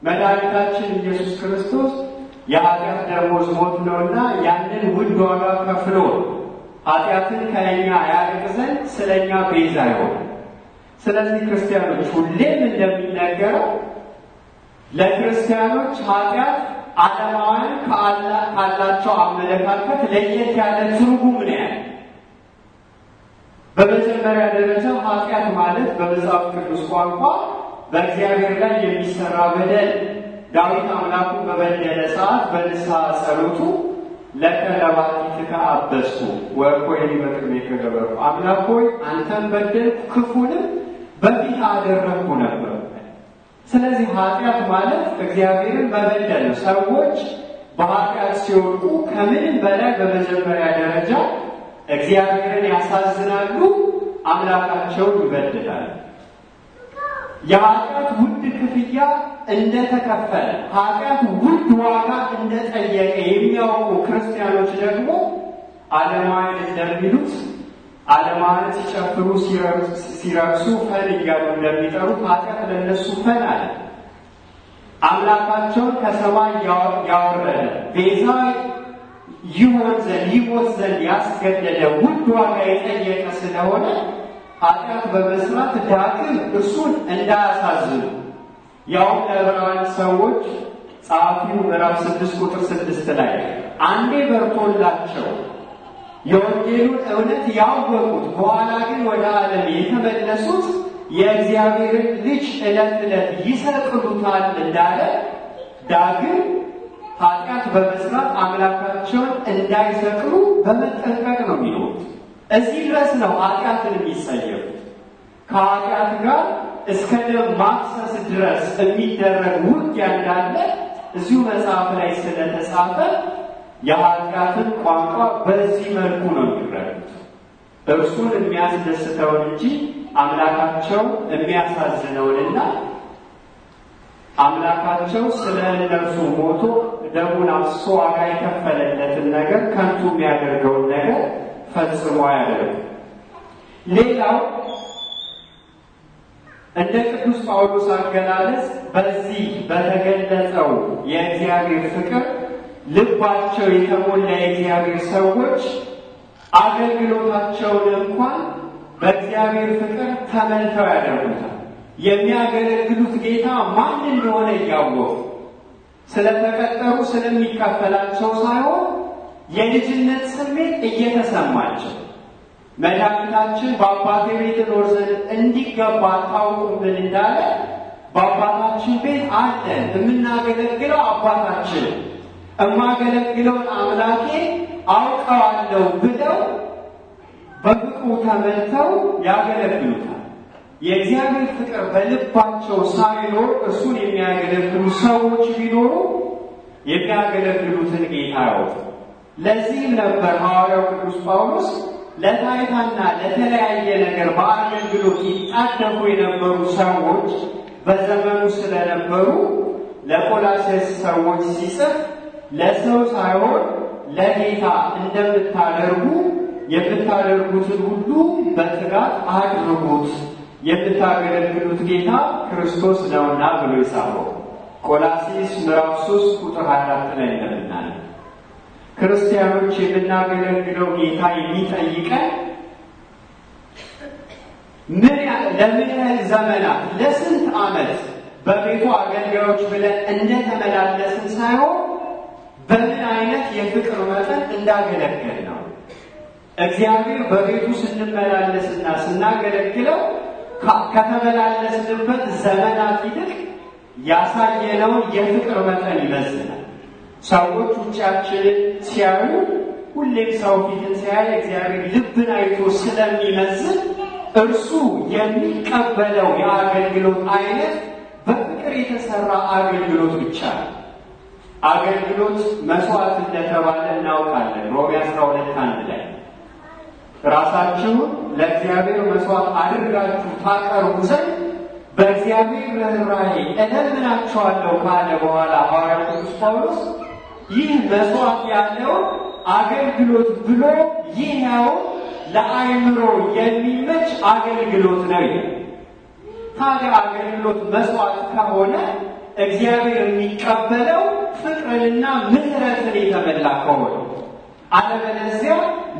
መድኃኒታችን ኢየሱስ ክርስቶስ የኃጢአት ደሞዝ ሞት ነውና ያንን ውድ ዋጋ ከፍሎ ኃጢአትን ከእኛ ያርቅ ዘንድ ስለ እኛ ቤዛ ይሆን። ስለዚህ ክርስቲያኖች ሁሌም እንደሚነገረው ለክርስቲያኖች ኃጢአት ዓለማውያን ካላቸው አመለካከት ለየት ያለ ትርጉም ነው ያለ በመጀመሪያ ደረጃ ኃጢአት ማለት በመጽሐፍ ቅዱስ ቋንቋ በእግዚአብሔር ላይ የሚሰራ በደል። ዳዊት አምላኩን በበደለ ሰዓት በንስሐ ጸሎቱ ለከ ለባሕቲትከ አበስኩ ወእኮ ይበቅሜከ ገበርኩ፣ አምላክ ሆይ አንተን በደል ክፉንም በፊት አደረግኩ ነበር። ስለዚህ ኃጢአት ማለት እግዚአብሔርን መበደል ነው። ሰዎች በኃጢአት ሲወድቁ ከምንም በላይ በመጀመሪያ ደረጃ እግዚአብሔርን ያሳዝናሉ፣ አምላካቸውን ይበድላሉ። የኃጢአት ውድ ክፍያ እንደተከፈለ ኃጢአት ውድ ዋጋ እንደጠየቀ የሚያውቁ ክርስቲያኖች ደግሞ ዓለማውያን እንደሚሉት ዓለማውያን ሲጨፍሩ ሲረሱ ፈን እያሉ እንደሚጠሩት ኃጢአት ለነሱ ፈን አለ። አምላካቸውን ከሰማይ ያወረደ ቤዛ ይሆን ዘንድ ይሞት ዘንድ ያስገደደ ውድ ዋጋ የጠየቀ ስለሆነ ኃጢአት በመስራት ዳግም እርሱን እንዳያሳዝኑ ያውም ለዕብራውያን ሰዎች ጸሐፊው ምዕራፍ ስድስት ቁጥር ስድስት ላይ አንዴ በርቶላቸው የወንጌሉን እውነት ያወቁት በኋላ ግን ወደ ዓለም የተመለሱት የእግዚአብሔርን ልጅ ዕለት ዕለት ይሰቅሉታል እንዳለ ዳግም ኃጢአት በመስራት አምላካቸውን እንዳይሰቅሩ በመጠንቀቅ ነው የሚኖሩት። እዚህ ድረስ ነው ኃጢአትን የሚሰየሙት። ከኃጢአት ጋር እስከ ደም ማፍሰስ ድረስ የሚደረግ ውጊያ እንዳለ እዚሁ መጽሐፍ ላይ ስለተጻፈ የኃጢአትን ቋንቋ በዚህ መልኩ ነው የሚረዱት። እርሱን የሚያስደስተውን እንጂ አምላካቸው የሚያሳዝነውንና አምላካቸው ስለ እነርሱ ሞቶ ደሙን አፍሶ ዋጋ የከፈለለትን ነገር ከንቱ የሚያደርገውን ነገር ፈጽሞ አያደርግም። ሌላው እንደ ቅዱስ ጳውሎስ አገላለጽ በዚህ በተገለጸው የእግዚአብሔር ፍቅር ልባቸው የተሞላ የእግዚአብሔር ሰዎች አገልግሎታቸውን እንኳን በእግዚአብሔር ፍቅር ተመልተው ያደርጉታል። የሚያገለግሉት ጌታ ማን እንደሆነ እያወቁ ስለተቀጠሩ ስለሚከፈላቸው ሳይሆን የልጅነት ስሜት እየተሰማቸው መድኃኒታችን በአባቴ ቤት እኖር ዘንድ እንዲገባ ታውቁብን እንዳለ በአባታችን ቤት አለን። የምናገለግለው አባታችን እማገለግለውን አምላኬ አውቀዋለሁ ብለው በብቁ ተመልተው ያገለግሉታል። የእግዚአብሔር ፍቅር በልባቸው ሳይኖር እሱን የሚያገለግሉ ሰዎች ቢኖሩ የሚያገለግሉትን ጌታ ያውቁ። ለዚህም ነበር ሐዋርያው ቅዱስ ጳውሎስ ለታይታና ለተለያየ ነገር በአገልግሎት ይጣደፉ የነበሩ ሰዎች በዘመኑ ስለነበሩ ለቆላሴስ ሰዎች ሲጽፍ ለሰው ሳይሆን ለጌታ እንደምታደርጉ የምታደርጉትን ሁሉ በትጋት አድርጉት የምታገለግሉት ጌታ ክርስቶስ ነውና ብሎ የጻፈው ቆላሲስ ምዕራፍ 3 ቁጥር 24 ላይ እንደምናል። ክርስቲያኖች የምናገለግለው ጌታ የሚጠይቀን ምን ለምን ያህል ዘመናት ለስንት ዓመት በቤቱ አገልጋዮች ብለን እንደተመላለስን ሳይሆን በምን አይነት የፍቅር መጠን እንዳገለገል ነው። እግዚአብሔር በቤቱ ስንመላለስና ስናገለግለው ከተመላለስንበት ዘመናት ይልቅ ያሳየነውን የፍቅር መጠን ይመስላል። ሰዎች ውጫችንን ሲያዩ ሁሌም ሰው ፊትን ሲያይ እግዚአብሔር ልብን አይቶ ስለሚመስል እርሱ የሚቀበለው የአገልግሎት አይነት በፍቅር የተሰራ አገልግሎት ብቻ ነው። አገልግሎት መስዋዕት እንደተባለ እናውቃለን። ሮሜ 12 አንድ ላይ ራሳችሁን ለእግዚአብሔር መስዋዕት አድርጋችሁ ታቀርቡ ዘንድ በእግዚአብሔር ርኅራኄ እለምናችኋለሁ ካለ በኋላ ሐዋርያ ቅዱስ ጳውሎስ ይህ መስዋዕት ያለው አገልግሎት ብሎ ይህ ያው የሚመች አገልግሎት ነው ይላል። ታዲያ አገልግሎት መስዋዕት ከሆነ እግዚአብሔር የሚቀበለው ፍቅርንና ምሕረትን የተመላ ከሆነ አለበለዚያ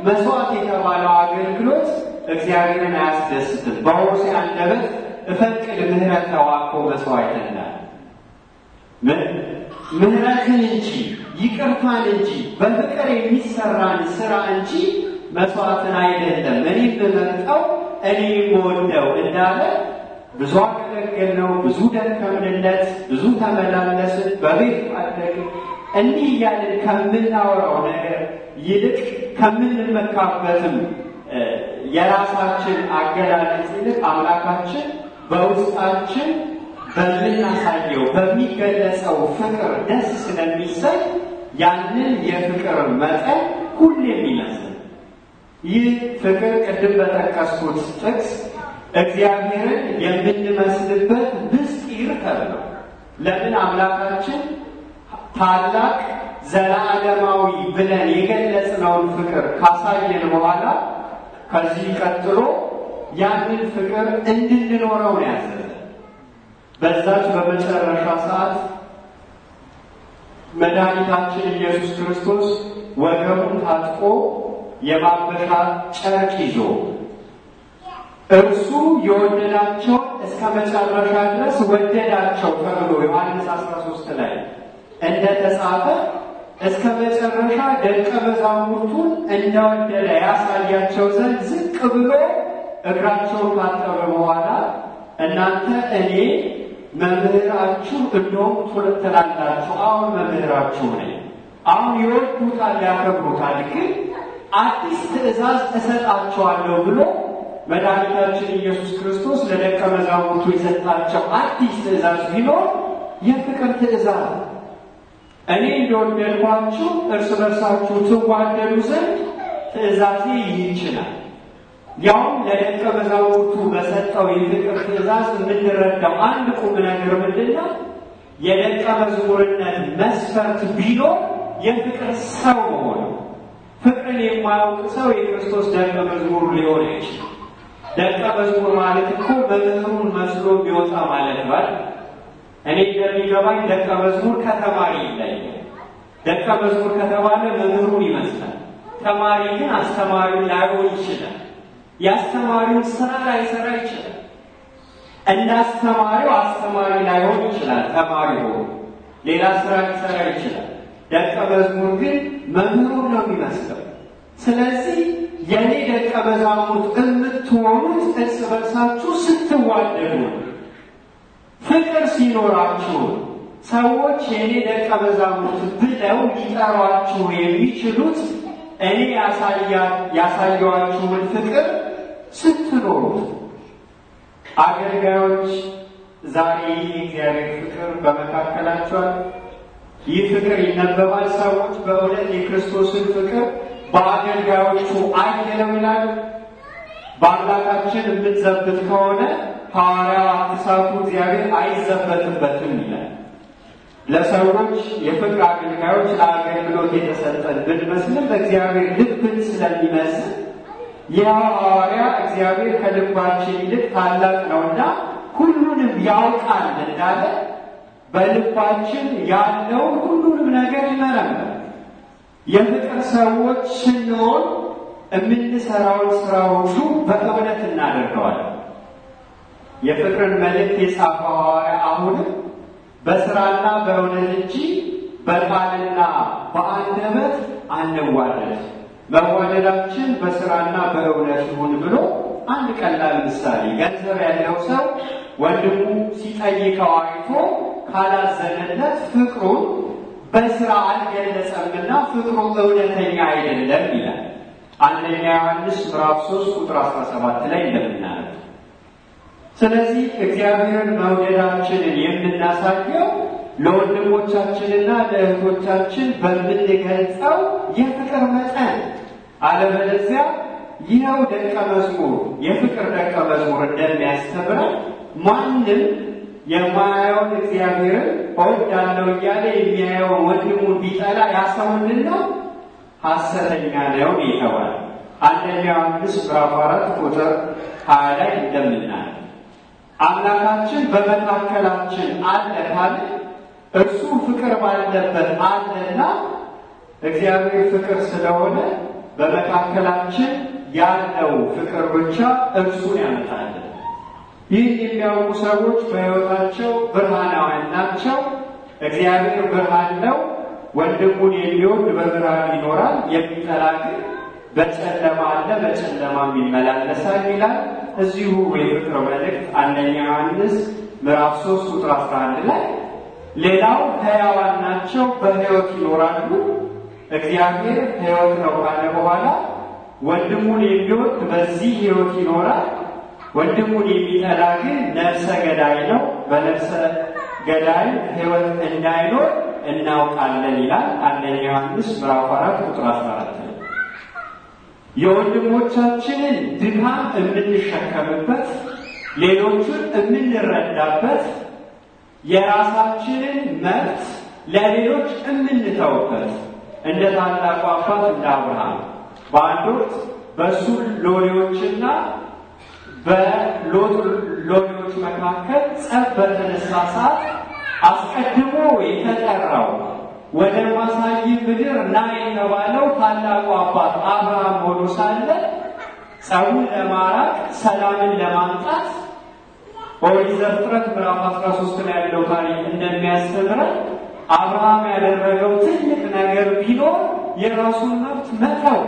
መስዋዕት የተባለው አገልግሎት እግዚአብሔርን አያስደስትም። በሆሴዕ አንደበት እፈቅድ ምህረት ተዋኮ መስዋዕት ናል ምህረትን እንጂ ይቅርታን እንጂ በፍቅር የሚሰራን ስራ እንጂ መስዋዕትን አይደለም። እኔ የምመርጠው እኔ የምወደው እንዳለ ብዙ አገለገል ነው። ብዙ ደከምንለት፣ ብዙ ተመላለስን፣ በቤት አደግን እንዲህ እያልን ከምናወራው ነገር ይልቅ ከምንመካበትም የራሳችን አገላለጽ ይልቅ አምላካችን በውስጣችን በምናሳየው በሚገለጸው ፍቅር ደስ ስለሚሰኝ ያንን የፍቅር መጠን ሁሌም ይመስል ይህ ፍቅር ቅድም በጠቀስኩት ጥቅስ እግዚአብሔርን የምንመስልበት ምስጢር ተብሎ ለምን አምላካችን ታላቅ ዘላለማዊ ብለን የገለጽነውን ፍቅር ካሳየን በኋላ ከዚህ ቀጥሎ ያንን ፍቅር እንድንኖረው ነው ያዘ በዛች በመጨረሻ ሰዓት መድኃኒታችን ኢየሱስ ክርስቶስ ወገቡን ታጥቆ የማበሻ ጨርቅ ይዞ እርሱ የወደዳቸው እስከ መጨረሻ ድረስ ወደዳቸው ተብሎ ዮሐንስ 13 ላይ እንደተጻፈ እስከ መጨረሻ ደቀ መዛሙርቱን እንደወደደ ያሳያቸው ዘንድ ዝቅ ብሎ እግራቸውን ካጠበ በኋላ እናንተ እኔ መምህራችሁ እንደውም ትላላችሁ። አሁን መምህራችሁ ነኝ። አሁን ይወዱታል፣ ያከብሩታል። ግን አዲስ ትእዛዝ እሰጣቸዋለሁ ብሎ መድኃኒታችን ኢየሱስ ክርስቶስ ለደቀ መዛሙርቱ የሰጣቸው አዲስ ትእዛዝ ቢኖር የፍቅር ትእዛዝ እኔ እንደወደድኳችሁ እርስ በርሳችሁ ትዋደዱ ዘንድ ትእዛዜ ይችላል። ያውም ለደቀ መዛሙርቱ በሰጠው የፍቅር ትእዛዝ የምንረዳው አንድ ቁም ነገር ምንድና የደቀ መዝሙርነት መስፈርት ቢሎ የፍቅር ሰው መሆኑ። ፍቅርን የማያውቅ ሰው የክርስቶስ ደቀ መዝሙር ሊሆን ይችላል። ደቀ መዝሙር ማለት እኮ መምህሩን መስሎ ቢወጣ ማለት ነው። እኔ እንደሚገባኝ ደቀ መዝሙር ከተማሪ ይለያል። ደቀ መዝሙር ከተባለ መምህሩን ይመስላል። ተማሪ ግን አስተማሪውን ላይሆን ይችላል። የአስተማሪውን ስራ ላይሰራ ይችላል። እንደ አስተማሪው አስተማሪ ላይሆን ይችላል። ተማሪ ሆኖ ሌላ ስራ ሊሰራ ይችላል። ደቀ መዝሙር ግን መምህሩን ነው የሚመስለው። ስለዚህ የእኔ ደቀ መዛሙርት የምትሆኑት እርስ በርሳችሁ ስትዋደዱ ነው ፍቅር ሲኖራችሁ ሰዎች የእኔ ደቀ መዛሙርት ብለው ሊጠሯችሁ የሚችሉት እኔ ያሳየኋችሁን ፍቅር ስትኖሩ። አገልጋዮች ዛሬ ይህ የእግዚአብሔር ፍቅር በመካከላቸዋል። ይህ ፍቅር ይነበባል። ሰዎች በእውነት የክርስቶስን ፍቅር በአገልጋዮቹ አይለው ይላሉ በአምላካችን የምትዘብት ከሆነ ሐዋርያ ትሳቱ እግዚአብሔር አይዘበትበትም ይላል። ለሰዎች የፍቅር አገልጋዮች ለአገልግሎት የተሰጠን ብንመስልም በእግዚአብሔር ልብን ስለሚመስል ያ ሐዋርያ እግዚአብሔር ከልባችን ይልቅ ታላቅ ነውና ሁሉንም ያውቃል እንዳለ በልባችን ያለው ሁሉንም ነገር ይመረምራል። የፍቅር ሰዎች ስንሆን የምንሰራውን ስራ ሁሉ በእምነት እናደርገዋለን። የፍቅርን መልእክት የጻፈው ሐዋርያ አሁንም በስራና በእውነት እንጂ በቃልና በአንደበት አንዋደድ፣ መዋደዳችን በስራና በእውነት ይሁን ብሎ አንድ ቀላል ምሳሌ ገንዘብ ያለው ሰው ወንድሙ ሲጠይቀው አይቶ ካላዘነለት ፍቅሩን በስራ አልገለጸምና ፍቅሩ እውነተኛ አይደለም ይላል። አንደኛ ዮሐንስ ምዕራፍ 3 ቁጥር 17 ላይ እንደምናለው ስለዚህ እግዚአብሔርን መውደዳችንን የምናሳየው ለወንድሞቻችንና ለእህቶቻችን በምንገልጸው የፍቅር መጠን፣ አለበለዚያ ይኸው ደቀ መዝሙር የፍቅር ደቀ መዝሙር እንደሚያስተምረው ማንም የማያየውን እግዚአብሔርን እወዳለሁ እያለ የሚያየውን ወንድሙን ቢጠላ ያሰውንና ሐሰተኛ ነው ይተዋል። አንደኛ ዮሐንስ ምዕራፍ አራት ቁጥር ሀያ ላይ እንደምናል አምላካችን በመካከላችን አለ ካለ እርሱ ፍቅር ባለበት አለና እግዚአብሔር ፍቅር ስለሆነ በመካከላችን ያለው ፍቅር ብቻ እርሱን ያመጣለን። ይህ የሚያውቁ ሰዎች በሕይወታቸው ብርሃናውያን ናቸው። እግዚአብሔር ብርሃን ነው ወንድሙን የሚወድ በብርሃን ይኖራል፣ የሚጠላ ግን በጨለማ አለ በጨለማም ይመላለሳል ይላል። እዚሁ የፍቅር መልእክት አንደኛ ዮሐንስ ምዕራፍ 3 ቁጥር 11 ላይ ሌላው ሕያዋን ናቸው በሕይወት ይኖራሉ እግዚአብሔር ሕይወት ነው ካለ በኋላ ወንድሙን የሚወድ በዚህ ሕይወት ይኖራል፣ ወንድሙን የሚጠላ ግን ነፍሰ ገዳይ ነው፣ በነፍሰ ገዳይ ሕይወት እንዳይኖር እናውቃለን ይላል። አንደኛ ዮሐንስ ምዕራፍ አራት ቁጥር አስራ አራት የወንድሞቻችንን ድካም የምንሸከምበት ሌሎቹን የምንረዳበት የራሳችንን መብት ለሌሎች የምንተውበት እንደ ታላቁ አባት እንደ አብርሃም በአንድ ወቅት በእሱ ሎሌዎችና በሎጥ ሎሌዎች መካከል ጸብ በተነሳ ሰዓት አስቀድሞ የተጠራው ወደ ማሳይ ምድር ና የተባለው ታላቁ አባት አብርሃም ሆኖ ሳለ ጸቡን ለማራቅ ሰላምን ለማምጣት ኦሪት ዘፍጥረት ምዕራፍ 13 ላይ ያለው ታሪክ እንደሚያስተምረን አብርሃም ያደረገው ትልቅ ነገር ቢኖር የራሱን መብት መተው።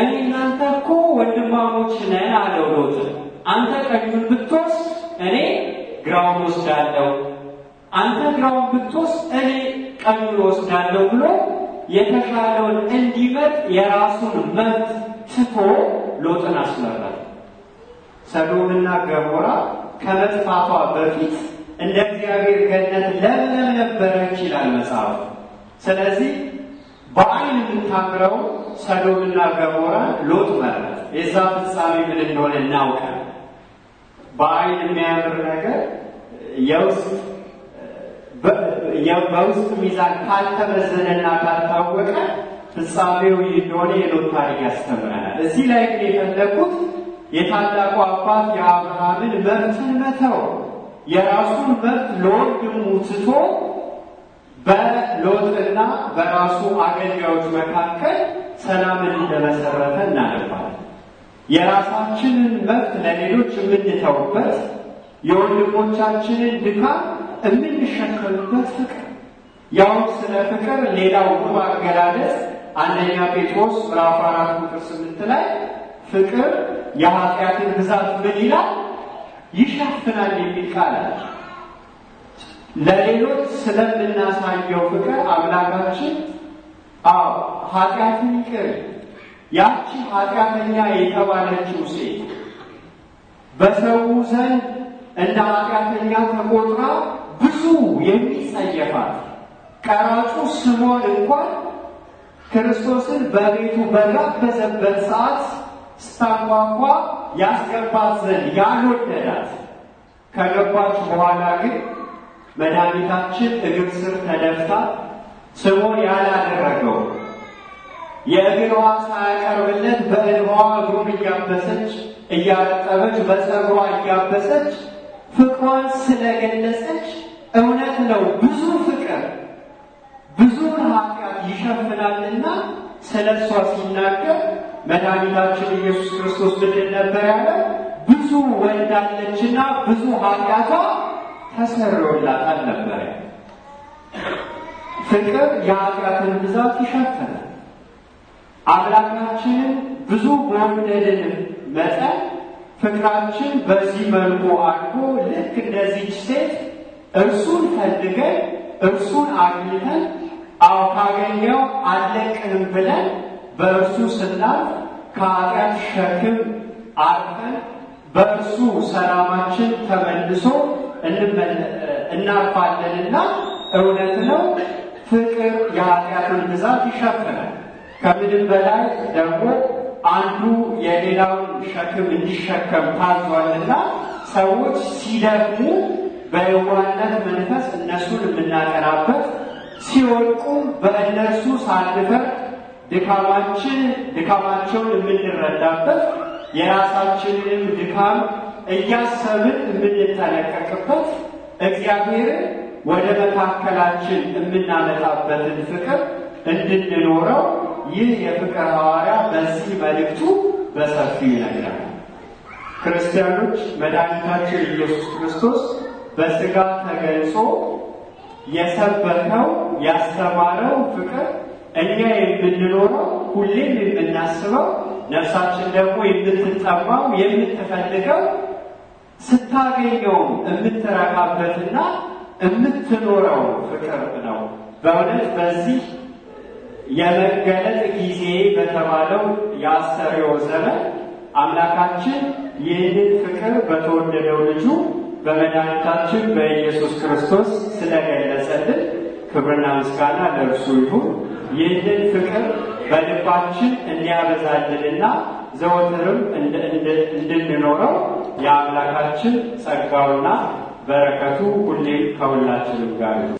እኔ እናንተ እኮ ወንድማሞች ነን አለው ሎጥ። አንተ ቀኙን ብትወስድ እኔ ግራውን ወስዳለሁ አንተ ግራውን ብትወስድ እኔ ቀኙን ወስዳለሁ ብሎ የተሻለውን እንዲመጥ የራሱን መብት ትቶ ሎጥን አስመራል። ሰዶምና ገሞራ ከመጥፋቷ በፊት እንደ እግዚአብሔር ገነት ለምለም ነበረች ይላል መጽሐፍ። ስለዚህ በአይን የምታምረው ሰዶምና ገሞራ ሎጥ መረጥ። የዛ ፍጻሜ ምን እንደሆነ እናውቀ በአይን የሚያምር ነገር የውስጥ በውስጥ ሚዛን ካልተመዘነና ካልታወቀ ፍጻሜው እንደሆነ የሎጥ ታሪክ ያስተምረናል። እዚህ ላይ ግን የፈለኩት የታላቁ አባት የአብርሃምን መብትን መተው የራሱን መብት ለወንድሙ ትቶ በሎጥና በራሱ አገልጋዮች መካከል ሰላምን እንደመሰረተ እናነባለን። የራሳችንን መብት ለሌሎች የምንተውበት የወንድሞቻችንን ድካም የምንሸከምበት ፍቅር ያው ስለ ፍቅር ሌላው ውብ አገላለጽ አንደኛ ጴጥሮስ ምዕራፍ አራት ቁጥር ስምንት ላይ ፍቅር የኃጢአትን ብዛት ምን ይላል ይሸፍናል የሚል ቃል ለሌሎች ስለምናሳየው ፍቅር አምላካችን አዎ ኃጢአትን ይቅር ያቺ ኃጢአተኛ የተባለችው ሴት በሰው ዘንድ እንደ ኃጢአተኛ ተቆጥራ ብዙ የሚጸየፋት ቀራጩ ስሞን እንኳን ክርስቶስን በቤቱ በጋበዘበት ሰዓት ስታንኳኳ ያስገባት ዘንድ ያልወደዳት፣ ከገባች በኋላ ግን መድኃኒታችን እግር ስር ተደፍታ ስሞን ያላደረገው የእግርዋ ሳያቀርብለት በእንባዋ እግሩን እያበሰች እያረጠበች በጸጉሯ እያበሰች ፍቅሯን ስለገለጸች እውነት ነው ብዙ ፍቅር ብዙ ኃጢአት ይሸፍናልና ስለ እሷ ሲናገር መድኃኒታችን ኢየሱስ ክርስቶስ ምንድን ነበር ያለ? ብዙ ወልዳለችና ብዙ ኃጢአቷ ተሰርዮላታል ነበር። ፍቅር የኃጢአትን ብዛት ይሸፍናል። አምላካችንን ብዙ በወደድን መጠን ፍቅራችን በዚህ መልኩ አድጎ ልክ እንደዚች ሴት እርሱን ፈልገን እርሱን አግኝተን አውካገኘው ካገኘው አለቅንም ብለን በእርሱ ስላት ከኃጢአት ሸክም አርፈን በእርሱ ሰላማችን ተመልሶ እናርፋለንና እውነት ነው። ፍቅር የኃጢአትን ብዛት ይሸፍናል። ከምንም በላይ ደግሞ አንዱ የሌላውን ሸክም እንዲሸከም ታዟልና ሰዎች ሲደክሙ በየዋህነት መንፈስ እነሱን የምናቀራበት ሲወድቁ በእነርሱ ሳንፈር ድካማችን ድካማቸውን የምንረዳበት የራሳችንንም ድካም እያሰብን የምንጠነቀቅበት እግዚአብሔርን ወደ መካከላችን የምናመጣበትን ፍቅር እንድንኖረው ይህ የፍቅር ሐዋርያ በዚህ መልእክቱ በሰፊ ይነግራል። ክርስቲያኖች መድኃኒታችን ኢየሱስ ክርስቶስ በስጋ ተገልጾ የሰበከው ያስተማረው ፍቅር እኛ የምንኖረው ሁሌም የምናስበው ነፍሳችን ደግሞ የምትጠማው የምትፈልገው ስታገኘው የምትረካበትና የምትኖረው ፍቅር ነው። በእውነት በዚህ የመገለጥ ጊዜ በተባለው የአስተርእዮ ዘመን አምላካችን ይህንን ፍቅር በተወደደው ልጁ በመድኃኒታችን በኢየሱስ ክርስቶስ ስለገለጸልን ክብርና ምስጋና ለእርሱ ይሁን። ይህንን ፍቅር በልባችን እንዲያበዛልንና ዘወትርም እንድንኖረው የአምላካችን ጸጋውና በረከቱ ሁሌም ከሁላችንም ጋር